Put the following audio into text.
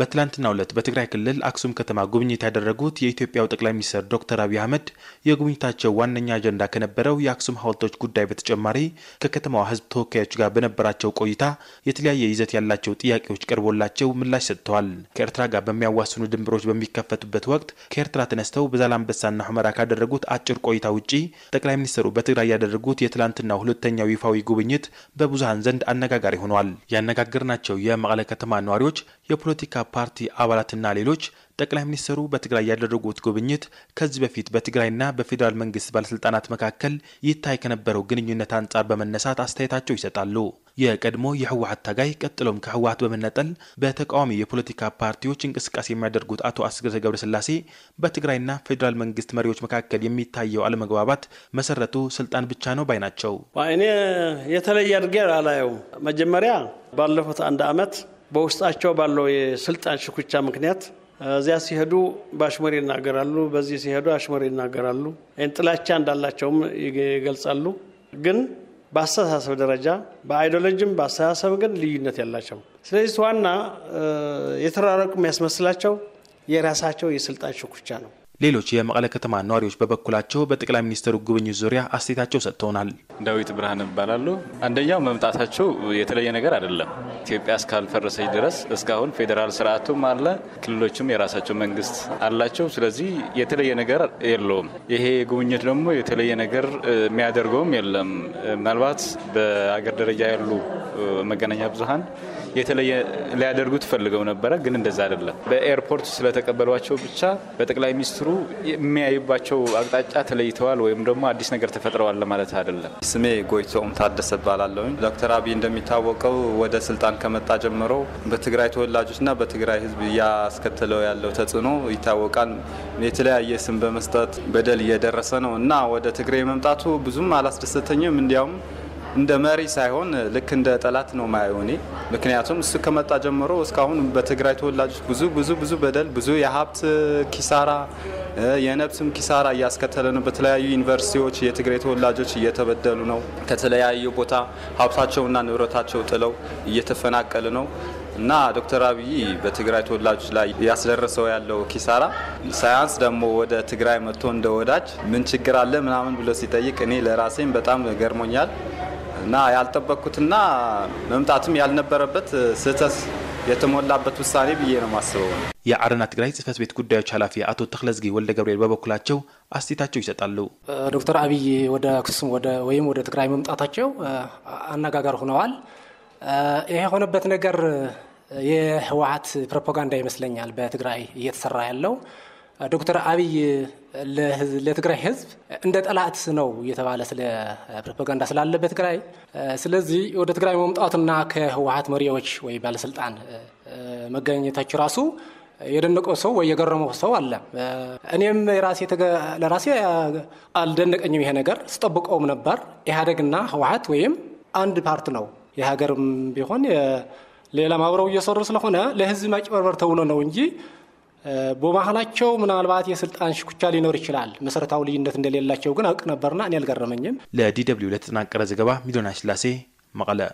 በትላንትናው ዕለት በትግራይ ክልል አክሱም ከተማ ጉብኝት ያደረጉት የኢትዮጵያው ጠቅላይ ሚኒስትር ዶክተር አብይ አህመድ የጉብኝታቸው ዋነኛ አጀንዳ ከነበረው የአክሱም ሐውልቶች ጉዳይ በተጨማሪ ከከተማዋ ሕዝብ ተወካዮች ጋር በነበራቸው ቆይታ የተለያየ ይዘት ያላቸው ጥያቄዎች ቀርቦላቸው ምላሽ ሰጥተዋል። ከኤርትራ ጋር በሚያዋስኑ ድንበሮች በሚከፈቱበት ወቅት ከኤርትራ ተነስተው በዛላምበሳና ሁመራ ካደረጉት አጭር ቆይታ ውጪ ጠቅላይ ሚኒስትሩ በትግራይ ያደረጉት የትላንትናው ሁለተኛው ይፋዊ ጉብኝት በብዙሀን ዘንድ አነጋጋሪ ሆኗል። ያነጋገርናቸው የመቀለ ከተማ ነዋሪዎች የፖለቲካ ፓርቲ አባላትና ሌሎች ጠቅላይ ሚኒስትሩ በትግራይ ያደረጉት ጉብኝት ከዚህ በፊት በትግራይና በፌዴራል መንግስት ባለስልጣናት መካከል ይታይ ከነበረው ግንኙነት አንጻር በመነሳት አስተያየታቸው ይሰጣሉ። የቀድሞ የህወሀት ታጋይ ቀጥሎም ከህወሀት በመነጠል በተቃዋሚ የፖለቲካ ፓርቲዎች እንቅስቃሴ የሚያደርጉት አቶ አስገደ ገብረስላሴ በትግራይና ፌዴራል መንግስት መሪዎች መካከል የሚታየው አለመግባባት መሰረቱ ስልጣን ብቻ ነው ባይ ናቸው። እኔ የተለየ አድርጌ አላየው። መጀመሪያ ባለፉት አንድ አመት በውስጣቸው ባለው የስልጣን ሽኩቻ ምክንያት እዚያ ሲሄዱ በአሽመር ይናገራሉ፣ በዚህ ሲሄዱ አሽመር ይናገራሉ። ይህን ጥላቻ እንዳላቸውም ይገልጻሉ። ግን በአስተሳሰብ ደረጃ በአይዲዮሎጂም በአስተሳሰብ ግን ልዩነት ያላቸው። ስለዚህ ዋና የተራረቁ የሚያስመስላቸው የራሳቸው የስልጣን ሽኩቻ ነው። ሌሎች የመቀለ ከተማ ነዋሪዎች በበኩላቸው በጠቅላይ ሚኒስትሩ ጉብኝት ዙሪያ አስተያየታቸው ሰጥተውናል። ዳዊት ብርሃን እባላለሁ። አንደኛው መምጣታቸው የተለየ ነገር አይደለም። ኢትዮጵያ እስካልፈረሰች ድረስ እስካሁን ፌዴራል ስርዓቱም አለ፣ ክልሎችም የራሳቸው መንግስት አላቸው። ስለዚህ የተለየ ነገር የለውም። ይሄ ጉብኝት ደግሞ የተለየ ነገር የሚያደርገውም የለም። ምናልባት በአገር ደረጃ ያሉ መገናኛ ብዙሀን የተለየ ሊያደርጉት ፈልገው ነበረ፣ ግን እንደዛ አይደለም። በኤርፖርት ስለተቀበሏቸው ብቻ በጠቅላይ ሚኒስትሩ የሚያዩባቸው አቅጣጫ ተለይተዋል ወይም ደግሞ አዲስ ነገር ተፈጥረዋል ለማለት አይደለም። ስሜ ጎይቶም ታደሰ ባላለውኝ ዶክተር አብይ እንደሚታወቀው ወደ ስልጣን ከመጣ ጀምሮ በትግራይ ተወላጆችና በትግራይ ህዝብ እያስከተለው ያለው ተጽዕኖ ይታወቃል። የተለያየ ስም በመስጠት በደል እየደረሰ ነው እና ወደ ትግራይ መምጣቱ ብዙም አላስደሰተኝም እንዲያውም እንደ መሪ ሳይሆን ልክ እንደ ጠላት ነው ማየው እኔ። ምክንያቱም እሱ ከመጣ ጀምሮ እስካሁን በትግራይ ተወላጆች ብዙ ብዙ ብዙ በደል፣ ብዙ የሀብት ኪሳራ፣ የነብስም ኪሳራ እያስከተለ ነው። በተለያዩ ዩኒቨርሲቲዎች የትግራይ ተወላጆች እየተበደሉ ነው። ከተለያዩ ቦታ ሀብታቸውና ንብረታቸው ጥለው እየተፈናቀሉ ነው እና ዶክተር አብይ በትግራይ ተወላጆች ላይ ያስደረሰው ያለው ኪሳራ ሳያንስ ደግሞ ወደ ትግራይ መጥቶ እንደ ወዳጅ ምን ችግር አለ ምናምን ብሎ ሲጠይቅ እኔ ለራሴም በጣም ገርሞኛል። እና ያልጠበቅኩትና መምጣትም ያልነበረበት ስህተት የተሞላበት ውሳኔ ብዬ ነው ማስበው። የአረና ትግራይ ጽህፈት ቤት ጉዳዮች ኃላፊ አቶ ተክለዝጌ ወልደ ገብርኤል በበኩላቸው አስቴታቸው ይሰጣሉ። ዶክተር አብይ ወደ ክሱም ወይም ወደ ትግራይ መምጣታቸው አነጋጋሪ ሆነዋል። ይሄ የሆነበት ነገር የህወሀት ፕሮፓጋንዳ ይመስለኛል በትግራይ እየተሰራ ያለው ዶክተር አብይ ለትግራይ ህዝብ እንደ ጠላት ነው እየተባለ ስለ ፕሮፓጋንዳ ስላለ በትግራይ ስለዚህ ወደ ትግራይ መምጣቱና ከህወሀት መሪዎች ወይ ባለስልጣን መገኘታቸው ራሱ የደነቀው ሰው ወይ የገረመው ሰው አለ። እኔም ለራሴ አልደነቀኝም። ይሄ ነገር ስጠብቀውም ነበር። ኢህአደግና ህወሀት ወይም አንድ ፓርት ነው የሀገርም ቢሆን ሌላ ማብረው እየሰሩ ስለሆነ ለህዝብ ማጭበርበር ተብሎ ነው እንጂ በባህላቸው ምናልባት የስልጣን ሽኩቻ ሊኖር ይችላል። መሰረታዊ ልዩነት እንደሌላቸው ግን አውቅ ነበርና እኔ አልገረመኝም። ለዲ ደብልዩ ለተጠናቀረ ዘገባ ሚሊዮና ስላሴ መቀለ